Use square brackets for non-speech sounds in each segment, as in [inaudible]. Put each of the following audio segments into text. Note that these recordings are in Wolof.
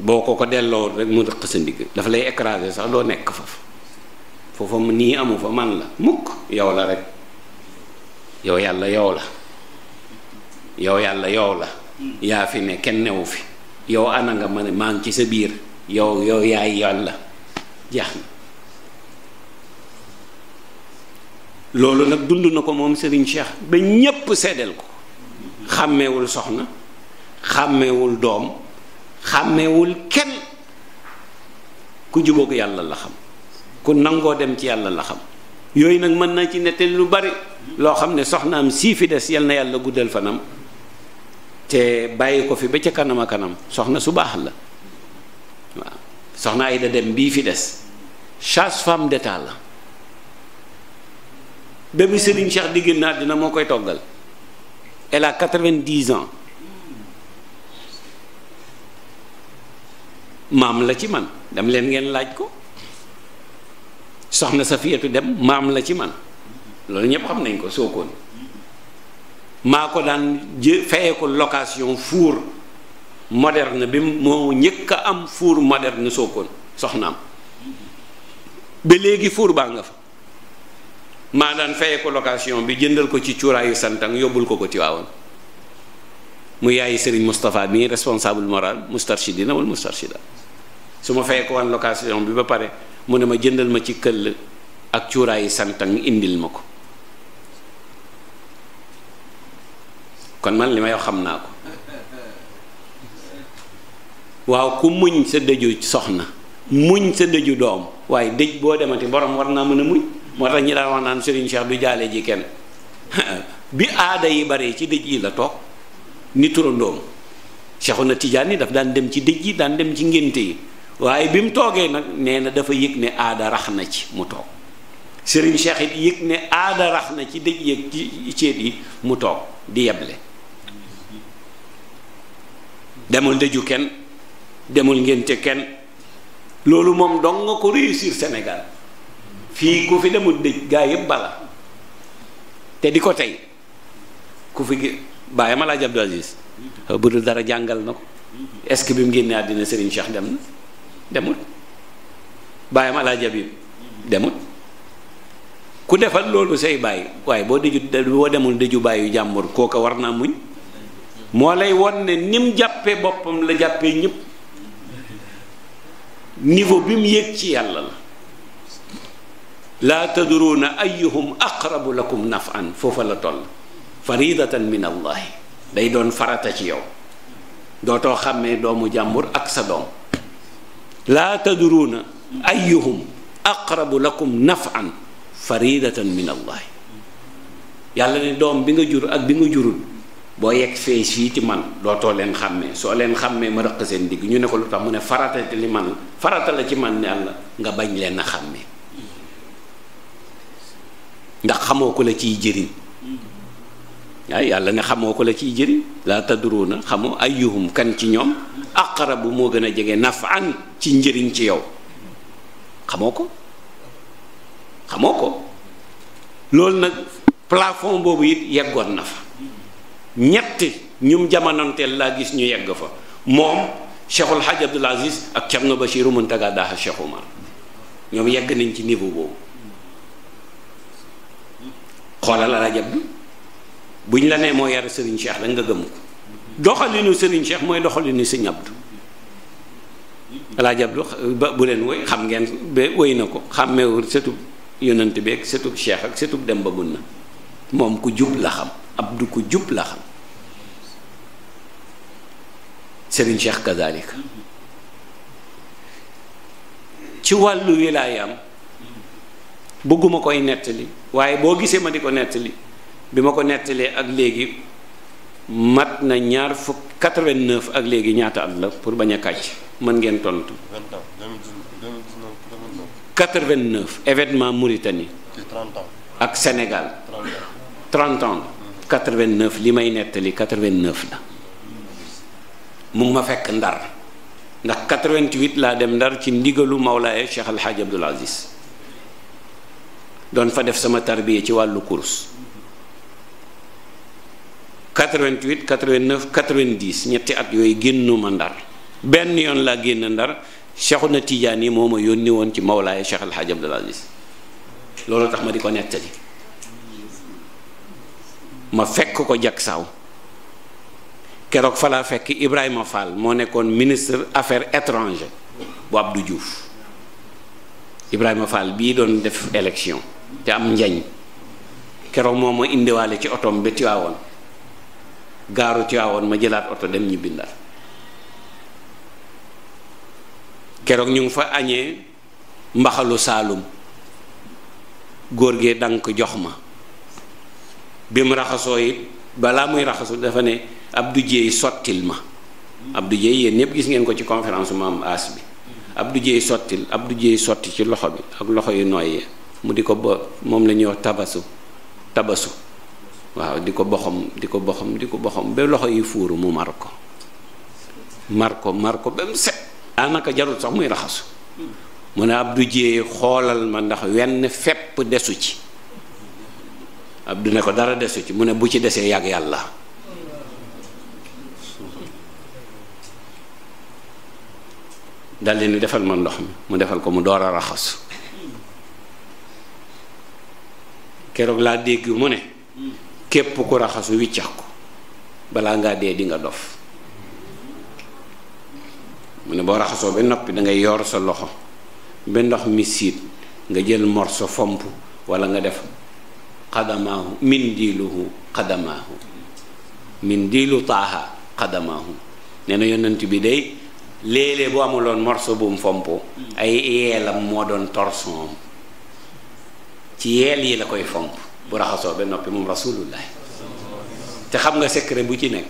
boo ko ko delloo rek mu dëq sa ndigg dafa lay écraser sax doo nekk foofu foofa nii amu fa man la mukk yow la rek yow yàlla yow la yow yàlla yow la yaa fi ne kenn newu fi yow ana nga ma ne maa ngi ci sa biir yow yow yaay yàlla jeex na loolu nag dund na ko moom sëriñ Cheikh ba ñépp seddal ko xàmmewul soxna xàmmewul doom xàmmewul kenn ku jubóog yàlla la xam ku nangoo dem ci yàlla la xam yooyu nag mën na ci nettali lu bari loo xam ne soxnaam sii fi des yal na yàlla guddal fanam te bàyyi ko fi ba ca kanam kanam soxna su baax la waaw soxna Ayda Dem bii fi des sage-femme d'État la ba bi Serigne Cheikh di génn àddina moo koy toggal elle a quatre-vingt-dix ans maam la ci man dem leen ngeen laaj ko soxna sa Safiyatu dem maam la ci man loolu ñëpp xam nañ ko sookoon maa ko daan jë fayee ko location four moderne bi moo njëkk a am four moderne Sokone soxnaam ba léegi fuur baa nga fa maa daan fayee ko location bi jëndal ko ci cuuraayu santang yóbbul ko ko Tiwaawan mu yaayi Serigne Mustapha bi responsable moral mustarshidina wal mustarshida su ma fay wan woon bi ba pare mu ne ma jëndal ma ci këll ak cuuraayu santan indil ma ko kon man li may wax xam naa ko waaw ku muñ sa dëju soxna muñ sa dëju doom waaye dëj boo demati borom war naa mën a muñ moo tax ñi daan wax naan Serigne Cheikh du jaale ji kenn [laughs] bi aada yi bare ci dëj yi la toog ni na Cheikhouna Tidiane daf daan dem ci dëj yi daan dem ci ngénte yi waaye bi mu toogee nag nee na dafa yëg ne aada rax na ci mu toog Serigne Cheikh it yëg ne aada rax na ci dëj yëg ci ceet yi mu toog di yeble demul dëju kenn demul ngénte kenn loolu moom dong nga ko réussir Sénégal fii ku fi demul dëj gaa yëpp bala te di ko tey ku fi bàyyi ma laaj Abdou Aziz bu dul dara jàngal na ko est-ce bi mu génnee àddina Serigne Cheikh dem na demut bàyyam alaaji Habib demut ku defal loolu say bàyyi waaye boo diju boo demul diju bàyyi jàmbur kooka war naa muñ moo lay won ne nim jàppee boppam la jàppee ñëpp niveau bi mu yëg ci yàlla la laa na ayuhum aqrabu lakum nafan foofa la toll faridatan min allahi day doon farata ci yow dootoo xàmmee doomu jàmbur ak sa doom laa tadruuna ayyuhum aqrabu lakum nafan faridatan min allah yàlla ne doom bi nga jur ak bi nga jurul boo yegg fee sii ci man dootoo leen xàmmee soo leen xàmmee ma rëq seen digg ñu ne ko lu tax mu ne farata la ci man yàlla nga bañ leen a xàmmee ndax xamoo ko la ciy jëriñ ay yàlla ne xamoo ko la ciy jëriñ laa tadruuna xamoo ayyuhum kan ci ñoom akarabu moo gën a jege nafan ci njëriñ ci yow xamoo ko xamoo ko loolu nag plafond boobu it yeggoon na fa ñett ñum jamononteel laa gis ñu yegg fa moom Cheikhul Hadj Abdoul Aziz ak Thierno Bachirou Mountaga Daha Cheikh Oumar ñoom yegg nañ ci niveau boobu xoolal arajab bi bu ñu la nee moo yar Serigne Cheikh rek nga gëm ko doxalinu Serigne Cheikh mooy doxalinu Serigne Abdou Alaaji Abdou ba bu leen woy xam ngeen ba woy na ko xàmmeewul setub yonent bi ak setub Cheikh ak setub dem ba gun moom ku jub la jub la xam Serigne Cheikh ci wàllu bëgguma koy nettali waaye boo gisee ma di ko nettali bi ma ko nettalee ak léegi mat na ñaar fukk 89 ak léegi ñaata at la pour bañ a kàcc mën ngeen tontu. 89 événement Mauritanie. ci 30 ak Sénégal. 30 ans 30 ans. li may nettali 89 la mu ma fekk ndar ndax 88 laa dem ndar ci ndigalu Mawlaaye Cheikh Al Hadj Abdoul Aziz doon fa def sama tarbiya ci wàllu course. 88 89 90 ñetti at yooyu génnuma ndar benn yoon laa génn ndar na tiijaan yi moo ma yónni woon ci Mawlaaya Cheikh El Hadj Abdoul Aziz loolu tax ma di ko nettali ma fekk ko jak saaw keroog fa laa fekk Ibrahima Fall moo nekkoon ministre affaires étrangères bu Abdou Diouf Ibrahima Fall bii doon def élection te am njañ keroog moo ma indiwaale ci otoom ba Tiwaawoon gaaru Tiwaawoon ma jëlaat oto dem ñibbi Ndar keroog ñu ngi fa añee mbaxalu Saalum góor gee dank jox ma bi mu raxasoo it balaa muy raxasu dafa ne ab du Dieye sottil ma ab du Dieye yéen ñépp gis ngeen ko ci conférence maam as bi Abdou Dieye sottil Abdou Dieye sotti ci loxo bi ak loxo yu nooy mu di ko moom la ñuy wax tabasu tabasu waaw di ko boxam di ko boxam di ko boxam ba loxo yi fuuru mu mar ko mar ko mar ko ba mu set daanaka jarul sax muy raxasu mu ne Abdou Dieye xoolal ma ndax wenn fepp desu ci ab du ne ko dara desu ci mu ne bu ci desee yàgg yàlla daldi ni defal ma ndox mi mu defal ko mu door a raxasu keroog laa dégg mu ne képp ku raxasu wiccax ko balaa ngaa dee di nga dof mu ne boo raxasoo ba noppi da ngay yor sa loxo ba ndox mi nga jël morso fomp wala nga def xadamaahu min diiluhu xadamaahu min diilu taaha xadamaahu nee na yonent bi day léeg-léeg bu amuloon morso bu mu fompo ay yeelam moo doon torson ci yeel yi la koy fomp bu raxasoo ba noppi moom rasulullah te xam nga secret bu ci nekk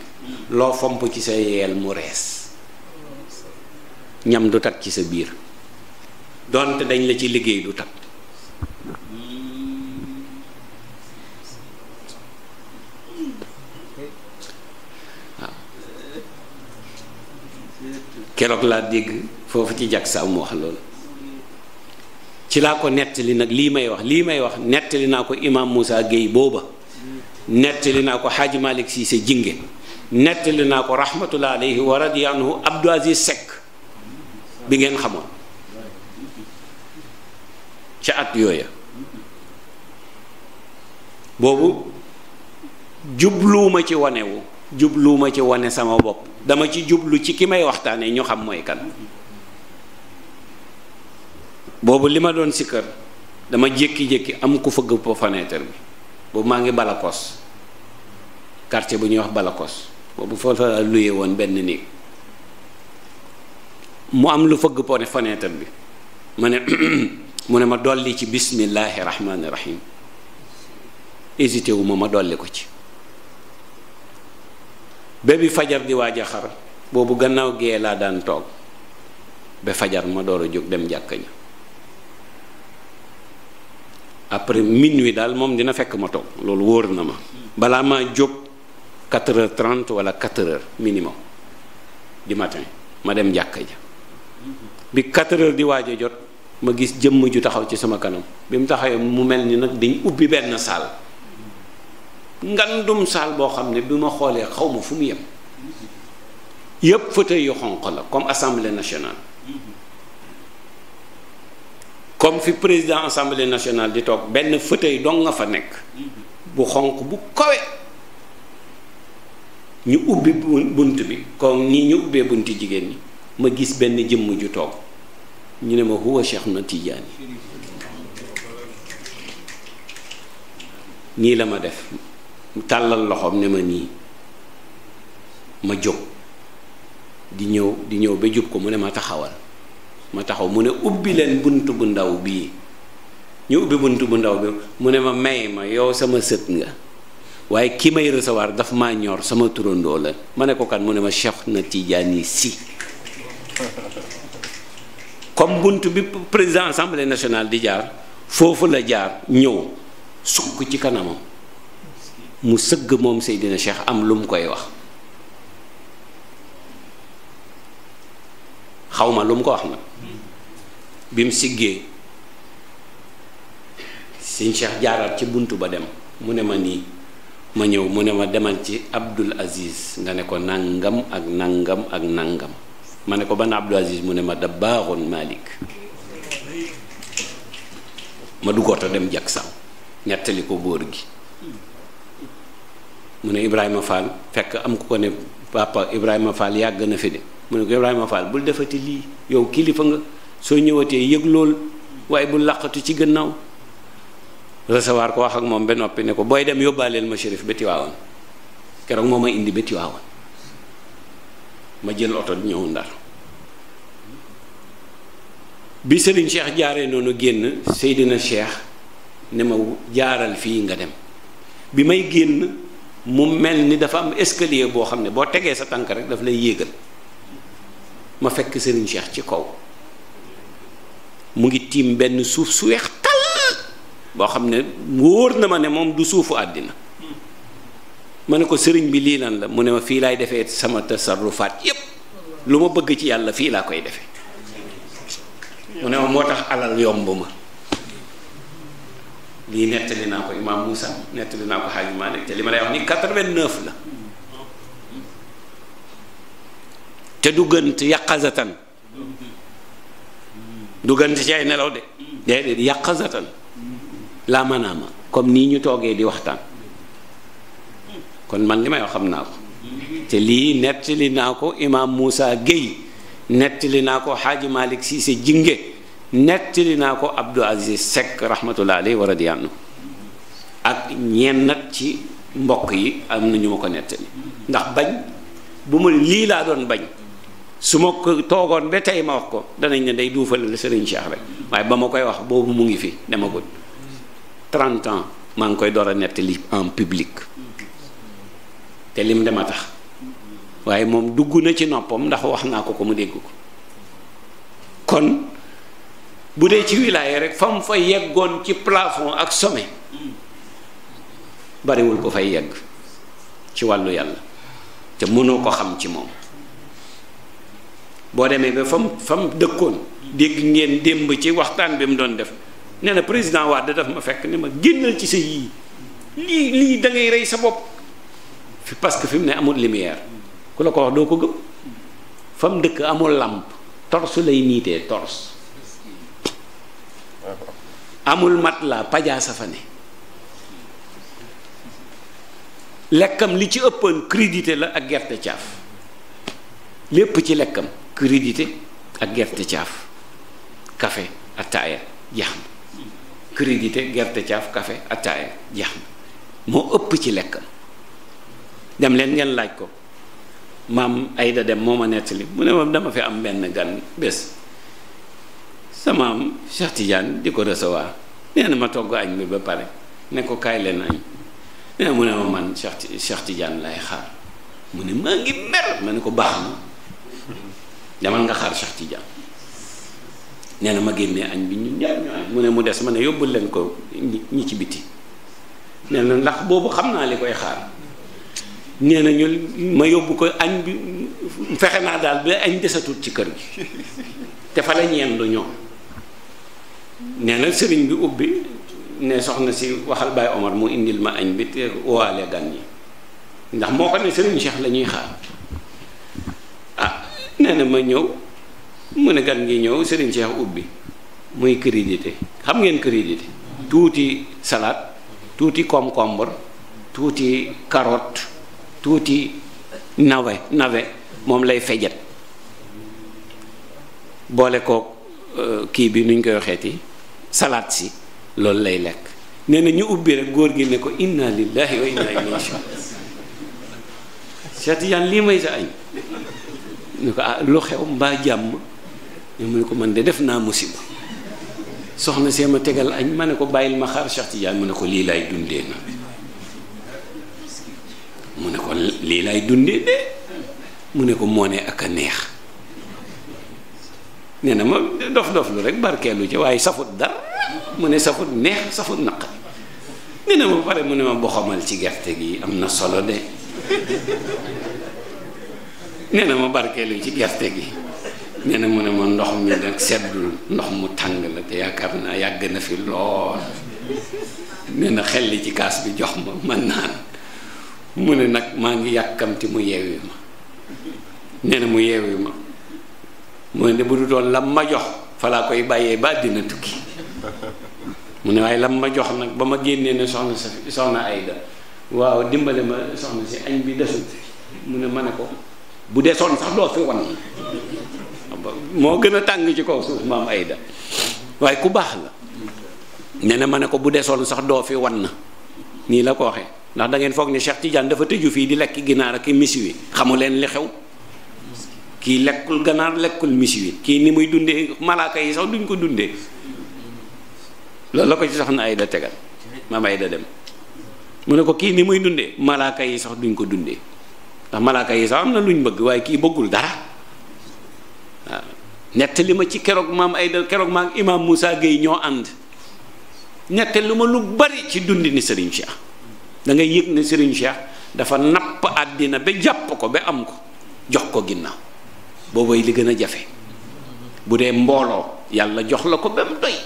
loo fomp ci sa yeel mu rees ñam du tag ci sa biir donte dañ la ci liggéey du tag keroog laa dégg foofu ci jag sa am wax loolu ci laa ko nettali nag lii may wax lii may wax nettali naa ko imam Moussa Guèye booba nettali naa ko Hadj Malick Cissé Jinge nettali naa ko rahmatullah alayhi wa radiya anhu Abdou Aziz Seck bi ngeen xamoon ca at yooya boobu jubluuma ci wanewu jubluuma ci wane sama bopp dama ci jublu ci ki may waxtaanee ñu xam mooy kan boobu li ma doon si kër dama jékki-jékki am ku fëgg po fenêtre bi boobu maa ngi Balakos quartier bu ñuy wax Balakos boobu foofu la luye woon benn néeg mu am lu fëgg po bi ma ne [clears throat] mu ne ma dolli ci bismillahi rahmaani rahim hésité wu ma ma dolli ko ci ba bi fajar di waaj a boobu gannaaw gee laa daan toog ba fajar ma door a jóg dem jàkka après minuit daal moom dina fekk ma loolu wóor na ma balaa maa jóg 4 heures 30 wala 4 heures minimum du matin ma dem jàkka ja bi 4 heures di waaj jot ma gis jëmm ju taxaw ci sama kanam bi mu taxawee mu mel ni nag dañ ubbi benn saal ngandum saal boo xam ne bi ma xoolee xaw ma fu mu yem yépp fauteuil yu xonq la comme assemblée national comme fi président assemblée nationale di toog benn fauteuil dong nga fa nekk bu xonq bu kawe ñu ubbi bunt bi comme ni ñu ubbee bunti jigéen ñi ma gis benn jëmm ju toog ñu ne ma huwa Cheikh na Tidiane nii la ma def tàllal loxoom ne ma nii ma jóg di ñëw di ñëw ba jub ko mu ne ma taxawal ma taxaw mu ne ubbi leen bunt bu ndaw bii ñu ubbi bunt bu ndaw bi mu ne ma may ma yow sama sët nga waaye kii may recevoir daf maa ñor sama turandoo la ma ne ko kan mu ne ma Cheikh na tiijaan yi si comme bunt bi président assemblée nationale di jaar foofu la jaar ñëw sukk ci kanamam mu sëgg moom Seydina Cheikh am lu mu koy wax xaw ma lu mu ko wax nag bi mu siggee sëñ Cheikh jaaraat ci bunt ba dem mu ne ma nii ma ñëw mu ne ma demal ci Abdul asiis nga ne ko nangam ak nangam ak nangam ma ne ko ban Abdul Aziz mu ne ma da baaxoon Malick ma duggoota dem jaksam saw ko bóor gi mu ne Ibrahima Fall fekk am ku ko ne papa Ibrahima Fall yàgg na fi de mu ne ko Ibrahima Fall bul defati lii yow kilifa nga soo ñëwatee yëg lool waaye bu laqatu ci gannaaw recevoir ko wax ak moom ba noppi ne ko booy dem yóbbaaleel ma shérif ba Tiwaawan keroog moo ma indi ba Tiwaawan ma jël oto di ñëw ndar bi Serigne Cheikh jaaree noonu génn Seydina Cheikh ne ma jaaral fii nga dem bi may génn mu mel ni dafa am escalier boo xam ne boo tegee sa tànk rek daf lay yéegal ma fekk Serigne Cheikh ci kaw. mu ngi tiim benn suuf su weex tal boo xam ne wóor na ma ne moom du suufu àddina mu ne ko sëriñ bi lii lan la mu ne ma fii laay defee sama tasarrufaat yépp lu ma bëgg ci yàlla fii laa koy defee mu ne ma moo tax alal yomb ma lii nettali naa ko imaam Moussa nettali naa ko Xaaji Maalik li ma lay wax ni 89 la te du gënt yàqazatan du gën ci ay nelaw de déedéet yàqazatan laa manaama comme nii ñu toogee di waxtaan kon man li may xam naa ko te lii nettali naa ko imaam Moussa Guèye nettali naa ko Xaaji Malick Cissé Jinge nettali naa ko Abdou Aziz Seck rahmatullah alayhi wa ak ñeen nag ci mbokk yi am na ñu ma ko nettali ndax bañ bu ma lii laa doon bañ su ma ko toogoon ba tey ma wax ko danañ ne day duufale la Serigne Cheikh rek waaye ba ma koy wax boobu mu ngi fi demagul trent ans maa ngi koy door a nettali en public te lim a tax waaye moom dugg na ci noppam ndax wax naa ko ko mu dégg ko kon bu dee ci wilaya rek fa mu fa yeggoon ci plafond ak some bariwul ko fay yegg ci wàllu yàlla te mënoo ko xam ci moom boo demee ba fam fam dëkkoon dégg ngeen démb ci waxtaan bi mu doon def nee na président Wade daf ma fekk ni ma génnal ci sa yii lii lii da rey sa bopp fi parce que fi mu ne amul lumière ku la ko wax doo ko gëm fam dëkk amul làmp tors lay niitee tors amul mat la pajaasa fa ne lekkam li ci ëppoon crédité la ak gerte caaf lépp ci lekkam crédité ak gerte caaf café ataaya jeex na crédité gerte caaf café ataaya jeex na moo ëpp ci lekkam dem leen ngeen laaj ko maam Ayda dem moo ma nettali mu ne moom dama fi am benn gan bés sama am Cheikh di ko recevoir nee na ma togg añ bi ba pare ne ko kaay leen añ nee na mu ne ma man Cheikh Cheikh lay xaar mu ne maa ngi mer ma ne ko baax na demal nga xar Cheikh Tidiane nee na ma génnee añ bi ñu ñaar mu ne mu des ma ne yóbbul leen ko ñi ci biti nee na ndax boobu xam naa li koy xaar nee na ñu ma yóbbu ko añ bi fexe naa daal ba añ desatul ci kër gi te fa la ñeen du ñoom nee na sëriñ bi ubbi ne soxna si waxal Baye Omar mu indil ma añ bi te waale gan yi ndax moo ko ne sëriñ Cheikh la xaar nee ma ñëw mu ne gan ngi ñëw Serigne Cheikh ubbi muy crédité xam ngeen crédité tuuti salaat tuuti concombre tuuti carotte tuuti nawe nawe moom lay fejet boole kook euh, kii bi nuñ koy waxeeti salaat si loolu lay lekk nee na ñu ubbi rek góor gi ne ko inna lillahi wa inna ilayhi raji'un Cheikh lii may sa añ ne ko ah lu xew mbaa jàmm mu ne ko man de def naa musiba soxna see ma tegal añ ma ne ko bàyyil ma xaar Cheikh Tidiane mu ne ko lii laay dundee mu ne ko lii laay dundee de mu ne ko moo ne ak a neex nee na ma dof dof lu rek barkeelu ci waaye safut dara mu ne safut neex safut naq nee na ma pare mu ne ma boxamal ci gerte gi am na solo de nee na ma barkeelu ci gerte gi nee mu ne ma ndox mi nag seddul ndox mu tàng la te yaakaar naa yàgg na fi lool nee na xel li ci kaas bi jox ma man naan mu ne nag maa ngi yàkkamti mu yeewi ma nee mu yeewi ma mooy ne bu du doon lam ma jox falaa koy bàyyee ba dina tukki mu ne waaye lam ma jox nag ba ma génnee ne soxna sa soxna Ayda waaw dimbale ma soxna si añ bi desut mu ne ma ne ko bu desoon sax doo fi wan moo gën a tàng ci kaw suuf maam Ayda waaye ku baax la ne ma ne ko bu desoon sax doo fi wan na nii la ko waxee ndax da ngeen foog ne Cheikh Tidiane dafa tëju fii di lekk ginaar ak mis wi xamu leen li xew kii lekkul ganaar lekkul mis wi kii ni muy dundee malaaka yi sax duñ ko dundee loolu la ko ci soxna dem mu ne ko kii ni muy dundee malaaka yi sax duñ ko dundee ndax malaaka yi sax am na luñ bëgg waaye kii bëggul dara waaw nettali ma ci keroog maam ay keroog maam imaam musaa Gueye ñoo ànd nettali ma lu bari ci dundini Serigne Cheikh da ngay yëg ne Serigne Cheikh dafa napp àddina ba jàpp ko ba am ko jox ko ginnaaw boobay li gën a jafe bu dee mbooloo yàlla jox la ko ba mu doy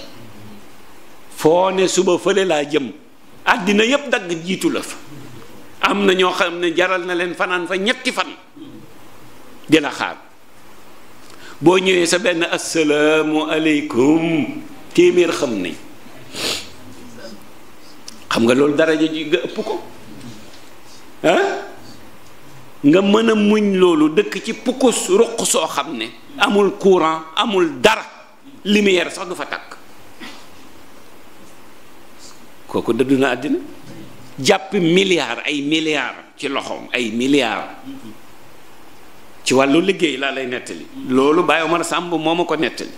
foo ne suba fële laa jëm àddina yépp dagg jiitu la fa am na ñoo xam ne jaral na leen fanaan fa ñetti fan di la xaar boo ñëwee sa benn assalaamu aleykum téeméer xam nañ xam nga loolu dara ji nga ëpp ko ah nga mën a muñ loolu dëkk ci pukkus ruq soo xam ne amul courant amul dara lumière sax du fa takk kooku dëddu na àddina jàpp milliards ay milliards ci loxoom ay milliards ci wàllu liggéey laa lay nettali loolu Baye Omar Samb moo ma ko nettali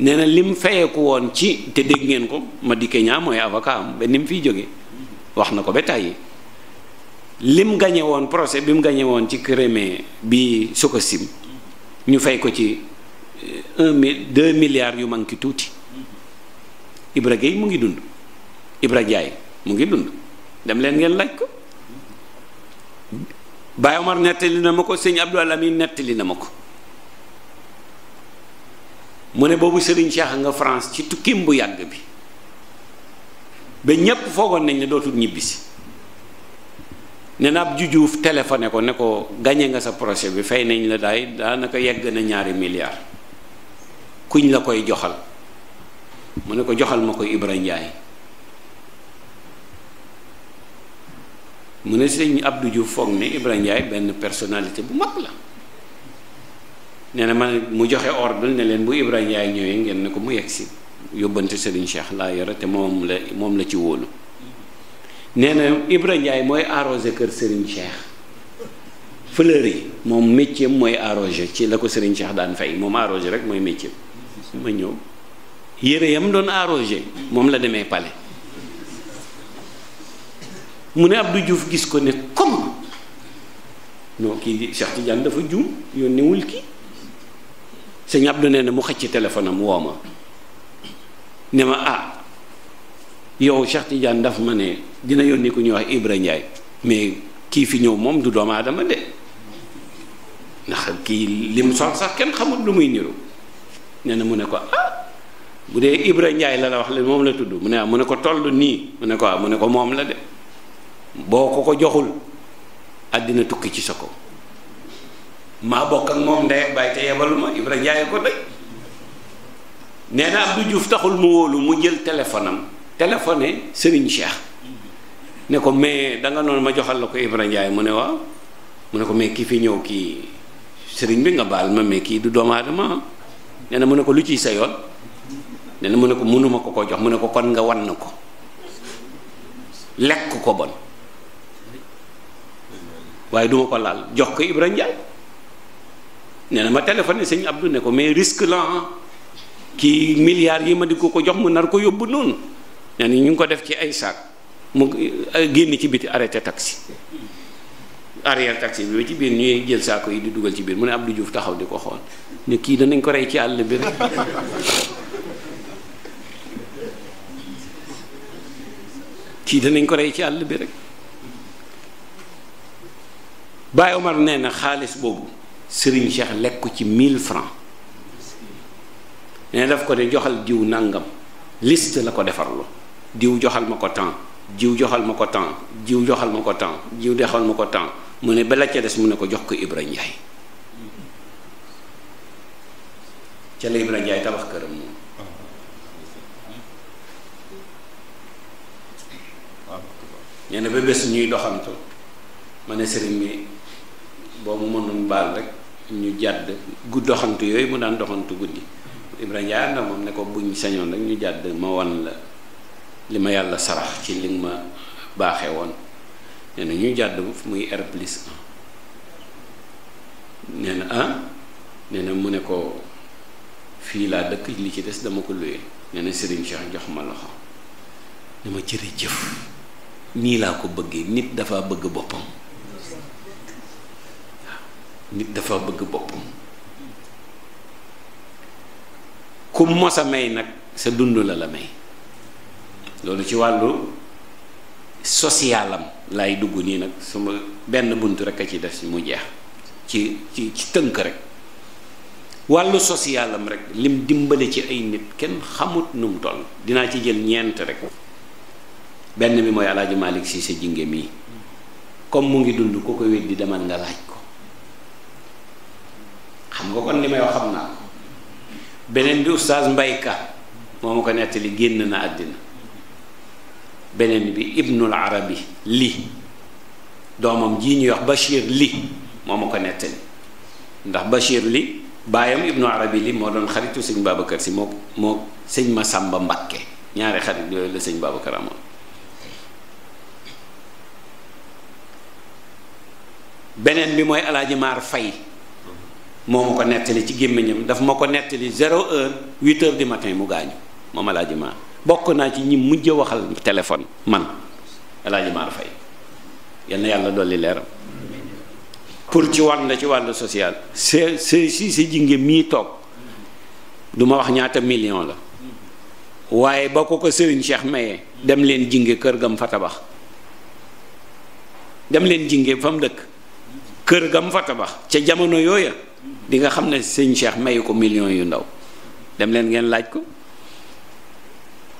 nee na lim fayeeku woon ci te dégg ngeen ko ma dikke ñaa mooy avocat ba ni mu fiy jógee wax na ko ba tàyyi lim gañe woon procès bi mu gañe woon ci Crimée bi Sococim ñu fay ko ci euh, un mille deux milliards yu manqué tuuti Ibra Gueye mu ngi dund Ibra Ndiaye mu ngi dund dem leen ngeen laaj ko Baye Omar nettali na ma ko sëñ Abdou Alamin nettali na ma ko mu ne boobu Serigne Cheikh nga France ci tukkim bu yàgg bi ba ñépp foogoon nañ ne dootul ñibbisi ne na ab jujuuf téléphoné ko ne ko gañe nga sa projet bi fay nañ la daay daanaka yegg na ñaari milliards kuñ la koy joxal mu ne ko joxal ma ko Ibra Ndiaye mu ne sëñ Abdou Diouf foog ne Ibrahima Ndiaye benn personnalité bu mag la nee na man mu joxe ordre ne leen bu Ibrahima Ndiaye ñëwee ngeen ne ko mu yegg si yóbbante Serigne Cheikh laa yore te moom la moom la ci wóolu nee na ibra Ndiaye mooy arrosé kër Serigne Cheikh fleur yi moom métier mooy arrosé ci la ko Serigne Cheikh daan fay moom arrosé rek mooy métier ma ñëw yére yam doon arrosé moom la demee palais. mu ne Abdou juuf gis ko ne comme non kii Cheikh Tidiane dafa juum yónniwul kii sëñ na mu xëcc téléphone am woo ma ne ma ah yow Cheikh Tidiane daf ma ne dina yónni ku ñuy wax Ibra Ndiaye mais kii fi ñëw moom du doomu de ndax kii lim sol sax kenn xamul lu muy niru nee na mu ne ko ah bu dee Ibra Ndiaye la la wax la moom la tudd mu ne ah mu ne ko toll nii mu ne ko ah mu ne ko moom la de. boo ko ko joxul àddina tukki ci sa ko maa bokk ak moom ndey bàyyi te yebalu ma Ibra Njaay ko dey nee na Abdou Diouf taxul mu mu jël téléphone am téléphoné ne ko mais danga noonu ma joxal la ko mu ne waaw mu ne ko mais ki fi ñëw kii sëriñ bi nga kii du doomu aadama ne ko lu ciy sa yoon nee na mu ne ko mënuma ko ko jox mu ne ko kon nga wan na ko lekk ko bon waaye duma ko laal jox ko Ibrahima Ndiaye nee na ma téléphoné sëñ Abdou ne ko mais risque la kii milliards yi ma di ko ko jox mu nar ko yóbbu noonu nee na ñu ngi ko def ci ay saak mu génn ci biti arrêté taxi arrière taxi bi ci biir ñuy jël saako yi di dugal ci biir mu ne Abdou juuf taxaw di ko xool ne kii danañ ko rey ci àll bi kii danañ ko rey ci àll bi rek Baye Omar nee na xaalis boobu Serigne Cheikh lekk ko ci mille francs nee def ko ne joxal diw nangam liste la ko defarlu diw joxal ma ko temps jiw joxal ma ko temps jiw joxal ma ko temps jiw dexal ma ko temps mu ne ba la ca des mu ne ko jox ko Ibra Njaay ca la Ibra Njaay tabax këram moom nee na ba bés ñuy doxantu ma ne sëriñ bi boo mu mënoon baal rek ñu jàdd gu doxantu yooyu mu daan doxantu guddi Ibrahima Ndiaye na moom ne ko buñ sañoon rek ñu jàdd ma wan la li ma yàlla sarax ci li ma baaxee woon nee na ñu jàdd muy R plus 1 nee na ah mu ne ko fii laa dëkk li ci des dama ko luye nee na Serigne jox ma loxo ne ma jërëjëf nii laa ko bëggee nit dafa bëgg boppam. nit dafa bëgg boppam ku mos may nag sa dund la la may loolu ci wàllu socialam lay dugg nii nag suma benn bunt rek a ci def ci mu jeex ci ci ci tënk rek wàllu socialam rek lim dimbale ci ay nit kenn xamut nu mu toll dinaa ci jël ñeent rek benn bi mooy alaaji Malick Cissé jinge mii comme mu ngi dund ku ko di demal nga laaj xam nga kon li may wax xam naa beneen bi oustaz Mbaye moo ma ko nettali génn na àddina beneen bi ibnul arabi li doomam jii ñuy wax Bachir li moo ma ko nettali ndax Bachir li baayam ibnu arabi li moo doon xaritu sëñ Babacar si moo moo sëñ Masamba Mbakke ñaari xarit la sëñ Babacar amoon beneen bi mooy alaaji fay moo ma ko nettali ci gémmiñam daf ma ko nettali zéro heure huit heures du matin mu gaañu moom alaaji maar bokk naa ci ñi mujj waxal téléphone man alaaji maar fay yal na yàlla dolli leeram pour ci wàll ci wàllu social se se si si jinge mii toog duma wax ñaata million la waaye ba ko ko Serigne Cheikh maye dem leen jinge kër ga mu fa tabax dem leen jinge fa mu dëkk kër ga gam fa tabax ca jamono yooya di nga xam ne sëñ Cheikh mayu ko million yu ndaw dem leen ngeen laaj ko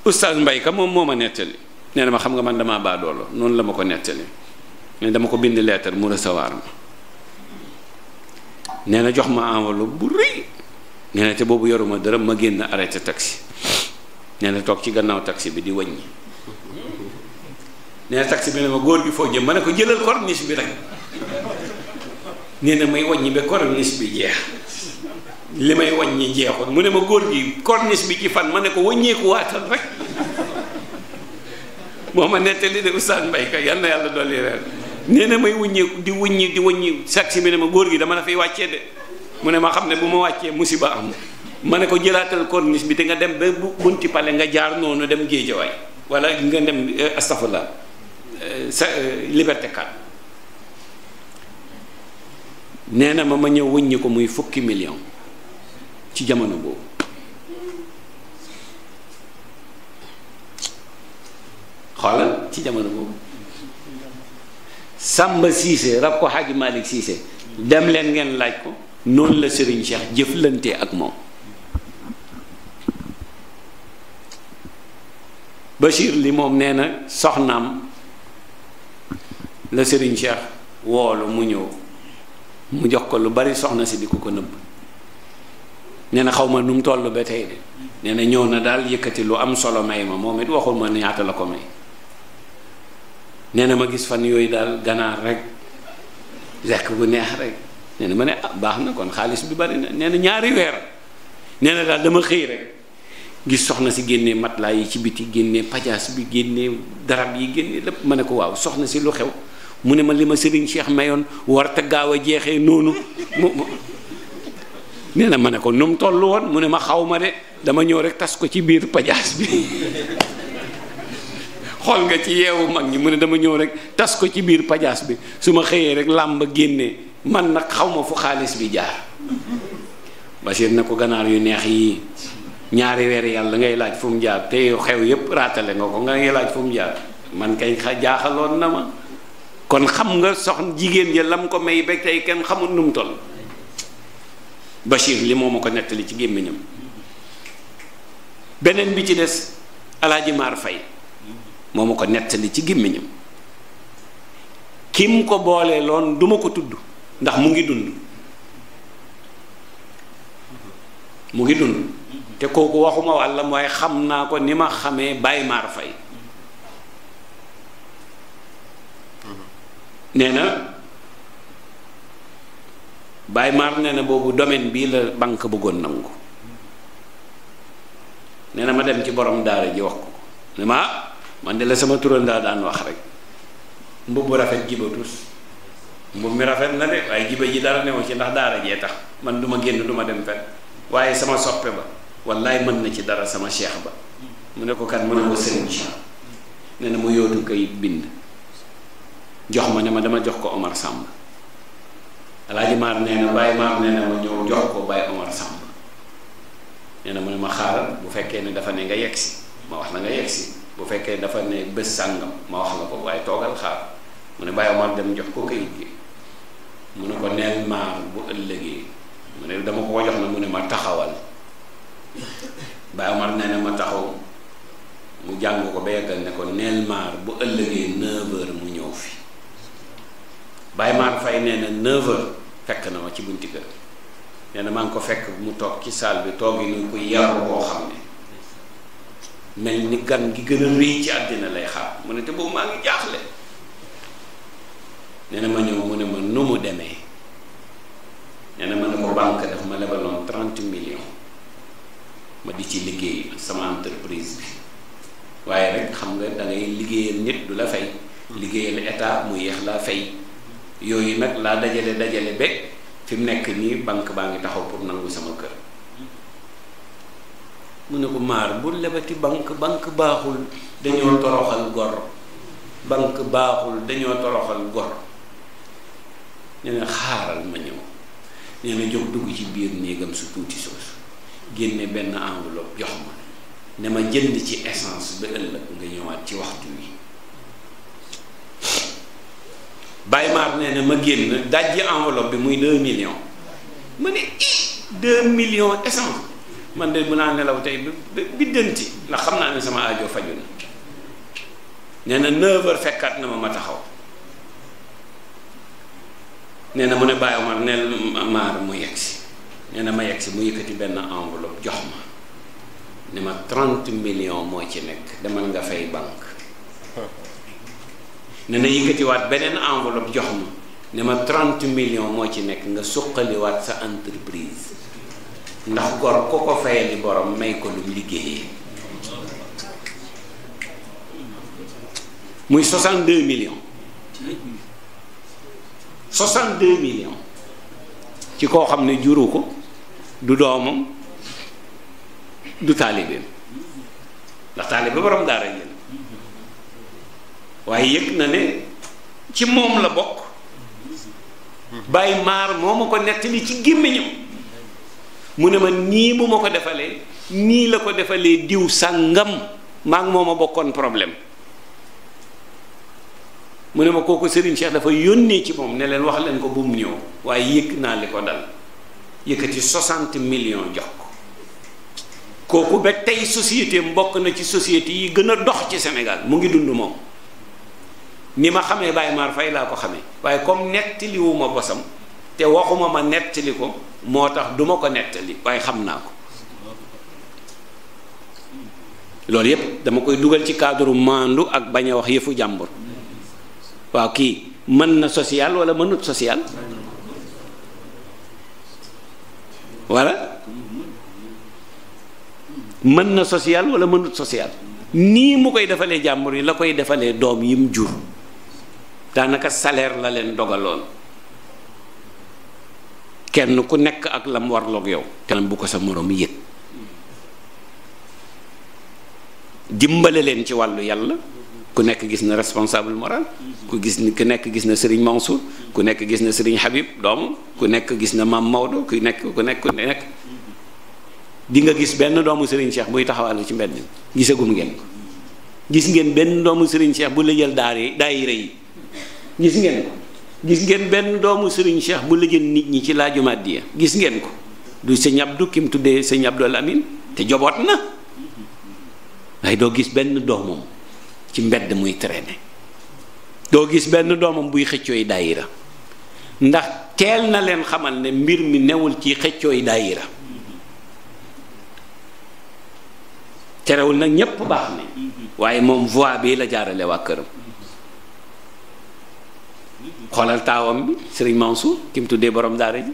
oustaz Mbaye ka moom moo ma nettali nee ma xam nga man damaa baadoolo noonu la ma ko nettali ne dama ko bind leetar mu recevoir ma nee na jox ma enveloppe bu rëy nee na te boobu yoruma dërëm ma génn arrêté taxi nee na toog ci gannaaw taxi bi di wëññi nee na bi ne ma góor gi foo jëm ma ne ko jëlal corniche bi rek nee na may waññi ba corniche bi jeex li may wàññi jeexoon mu ne ma góor gi corniche bi ci fan ma ne ko wàññeeku waatal rek moo ma nettali de Oustaz Mbaye ka yal na yàlla dolli reer nee na may wëññeeku di wëññi di wëññi saksi bi ne ma góor gi dama la fiy wàccee de mu ne ma xam ne bu ma wàccee musiba am ma ne ko jëlaatal corniche bi te nga dem ba bunti pale nga jaar noonu dem géejawaay wala nga dem eh, astafurlah eh, sa eh, liberté 4 nee na ma ma ñëw wëññi ko muy fukki million ci jamono boobu xoolal ci jamono boobu Samba Cissé rab ko Xaaji Malick Cissé dem leen ngeen laaj ko noonu la Serigne Cheikh jëflante ak moom Bachir li moom nee na soxnaam la sëriñ Cheikh woolu mu ñëw mu jox ko lu bari soxna si di ko ko nëbb nee na xaw ma nu mu toll ba tey de nee na ñëw na daal yëkkati lu am solo may ma moom it waxul ma ñaata la ko may nee na ma gis fan yooyu daal ganaar rek lekk bu neex rek nee ma ne ah, baax na kon xaalis bi bari na nee na ñaari weer nee na daal dama xëy rek gis soxna si génnee matlaa yi ci biti génnee pajaas bi génne darab yi génnee lépp ma ne ko waaw soxna si lu xew mu ne ma li ma Serigne Cheikh mayoon warta gaaw a jeexee noonu nee na ma ne ko nu mu toll woon mu ne ma xaw ma de dama ñëw rek tas ko ci biir pajaas bi [laughs] xool nga ci yeewu mag ñi mu ne dama ñëw rek tas ko ci biir pajaas bi su ma xëyee rek làmb génnee man nag xaw ma fu xaalis bi jaar Bachir na ko ganaar yu neex yi ñaari weer yàlla ngay laaj fu mu jaar te xew yépp raatale nga ko nga ngay laaj fu jaar man kay xajaaxaloon na ma kon xam nga sox jigéen ña lam ko may ba tey kenn xamul nu mu toll Bachir li moo ma ko nettali ci gémmiñam beneen bi ci des alaaji maar fay moo ko nettali ci gémmiñam kim ko boolee loon du ko tudd ndax mu ngi dund mu ngi dund te kooku waxuma wàllam waaye xam naa ko ni ma xamee Baye maar fay nee na baay Mar nee na boobu domaine bii la banque bëggoon nangu nee na ma dem ci boroom daara ji wax ko ma man de la sama turandaa daan wax rek mbubb rafet jiba tus mbubb mi rafet na de waaye jiba ji dara newu ci ndax daara jee tax man du ma génn du ma dem fen waaye sama soppe ba wallaay mën na ci dara sama cheikh ba mu ne ko kan mu ne ko sëriñ ci nee na mu yootu kayit bind jox ma ne ma dama jox ko Omar Samb alaaji maar nee na Baye maar nee na ma ñëw jox ko Baye Omar Samb nee na mu ne ma xaaral bu fekkee ne dafa ne nga yegg si ma wax la nga yegg bu fekkee dafa ne bés sàngam ma wax la ko waaye toogal xaar mu ne Baye Omar dem jox ko kayit gi mu ne ko neel maar bu ëllëgee mu ne dama ko jox na mu ne ma taxawal Baye Omar nee na ma taxaw mu jàng ko ba yeggal ne ko neel maar bu ëllëgee 9 mu ñëw fi. Baye Mar Faye nee na 9 fekk na ma ci bunti kër nee maa ngi ko fekk mu toog ci saal bi toog yi ñu ko yaru koo xam ne mel ni gan gi gën a rëy ci àddina lay xaar mu ne te boobu maa ngi jaaxle nee ma ñëw mu ne ma nu mu demee nee ma ne ko banque daf ma lebaloon 30 millions ma di ci liggéey sama entreprise bi waaye rek xam nga da ngay liggéeyal nit du la fay liggéeyal état mu yéex laa fay yooyu nag laa dajale dajale be fi nekk nii banque baa ngi taxaw pour nangu sama kër mu ne ko maar bu lebati banque banque baaxul dañoo toroxal gor banque baaxul dañoo toroxal gor ñu xaaral ma ñëw ñu ne jox dugg ci biir néegam su tuuti soosu génne benn enveloppe jox ma ne ma jënd ci essence ba ëllëg nga ñëwaat ci waxtu wi Baye Mar nee na ma génn dajji enveloppe bi muy 2 millions ma ne i 2 millions essence man de bu naa nelaw tey biddanti ndax xam naa ne sama aajo faju na nee na fekkaat na ma ma taxaw nee na mu ne Baye Mar ne maar mu yegg si na ma yegg si mu yëkkati benn enveloppe jox ma ne ma 30 millions moo ci nekk demal nga fay banque ne na yëkkatiwaat beneen enveloppe jox ma ne ma 30 million moo ci nekk nga suqaliwaat sa entreprise ndax gor ko ko fayali borom may ko lum liggéeyee muy 62 millions 62 millions ci koo xam ne juru ko du doomam du taalibeem ndax taalibe borom daara waaye yëg na ne ci moom la bokk bàyyi maar moo ma ko nettali ci gémmiñam mu ne ma nii bu ma ko defalee nii la ko defalee diw sàngam maa ngi moom bokkoon problème mu ne ma kooku Serigne Cheikh dafa yónnee ci moom ne leen wax leen ko bu mu ñëw waaye yëg naa li ko dal yëkkati 60 millions jox ko kooku ba tey société mbokk na ci société yi gën a dox ci Sénégal mu ngi dund moom ni ma xamee Baye Mar Faye laa ko xamee waaye comme nettaliwuma bosam te waxuma ma nettali ko moo tax duma ko nettali waaye xam naa ko loolu yépp dama koy dugal ci cadre maandu ak bañ a wax yëfu jàmbur waaw kii mën na social wala mënut social wala mën na social wala mënut social nii mu koy defalee jàmbur yi la koy defalee doom yim jur daanaka salaire la leen dogaloon kenn ku nekk ak lam warloog yow te bu ko sa moroom yëg dimbale leen ci wàllu yàlla ku nekk gis na responsable moral ku gis ku nekk gis na sëriñ Mansour ku nekk gis na Serigne Habib doomu ku nekk gis na Maam Maodo ku nekk ku nekk ku nekk di nga gis benn doomu Serigne Cheikh buy taxawaalu ci mbedd gisagum ngeen ko gis ngeen benn doomu Serigne Cheikh bu la jël daara daayira yi gis ngeen ko gis ngeen benn doomu sëriñ Cheikh bu lëjën nit ñi ci laajum àddiya gis ngeen ko du sëñ du ki tuddee sëñ Abdoul Amin te joboot na waaye doo gis benn doomam ci mbedd muy traîner doo gis benn doomam buy xëccooy daayira ndax teel na leen xamal ne mbir mi newul ci xëccooy daayira terewul nag ñépp baax ne waaye moom voie bii la jaarale waa këram xoolal taawam bi sëriñ Mansour ki mu tuddee borom daara ji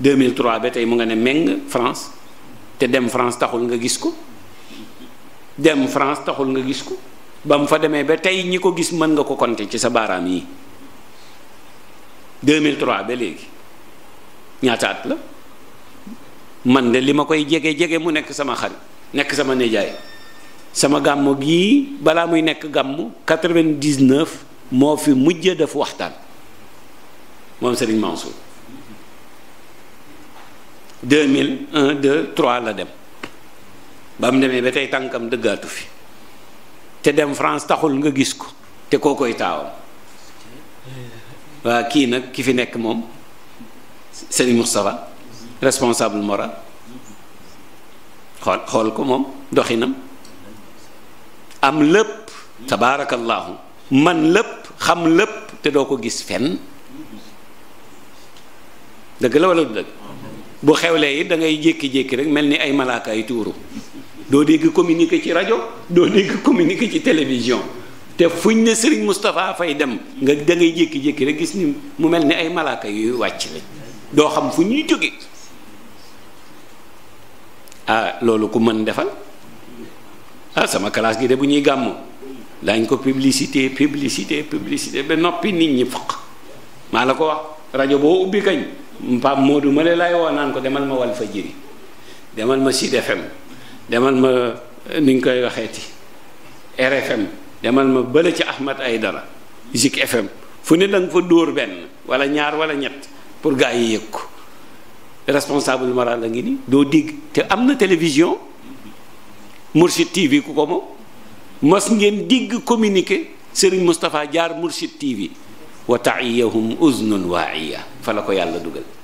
2003 ba tey mu nga ne meng France te dem France taxul nga gis ko dem France taxul nga gis ko ba mu fa demee ba tey ñi ko gis mën nga ko compter ci sa baaraam yi 2003 ba léegi ñaata at la man de li ma koy jege jege mu nekk sama xarit nekk sama nijaay sama gàmmu gii balaa muy nekk gàmmu 99. moo fi mujj def waxtaan moom Serigne Mansour 2001 2 3 la dem ba mu demee ba tey tànkam dëggaatu fi te dem France taxul nga gis ko te koo koy taawam waa kii nag ki fi nekk moom Serigne Moustapha responsable moral xool xool ko moom doxinam am lépp tabaarakallaahu man lëpp xam lépp te doo ko gis fenn dëgg la wala du dëgg bu xewlee yi da ngay jékki-jékki rek mel ni ay malaaka yu tuuru doo dégg communiqué ci rajo doo dégg communiqué ci télévision te fuñ ne Serigne Moustapha fay dem nga da jékki-jékki rek gis ni mu mel ni ay malaaka yuy wàcc lañ doo xam fu ñuy jóge ah loolu ku mën defal ah sama classe gi de bu ñuy gàmmu daañ ko publicité publicité publicité ba noppi nit ñi faq maa la ko wax rajo boo ubbi kañ Pape Modou ma le lay woo naan ko demal ma wal fa jiri demal ma Sud FM demal ma eh, ni ñu koy waxeeti RFM demal ma bële ci Ahmad Aydara Zik FM fu ne da nga fa dóor benn wala ñaar wala ñett pour gars yi yëg ko responsable moral la ngi ni doo digg te am na télévision Mourchid TV ku ko moom mas ngeen digg communiqué Serigne Moustapha jaar Mourchid TV wa taiyahum uznun waa'iya fa la ko yàlla dugal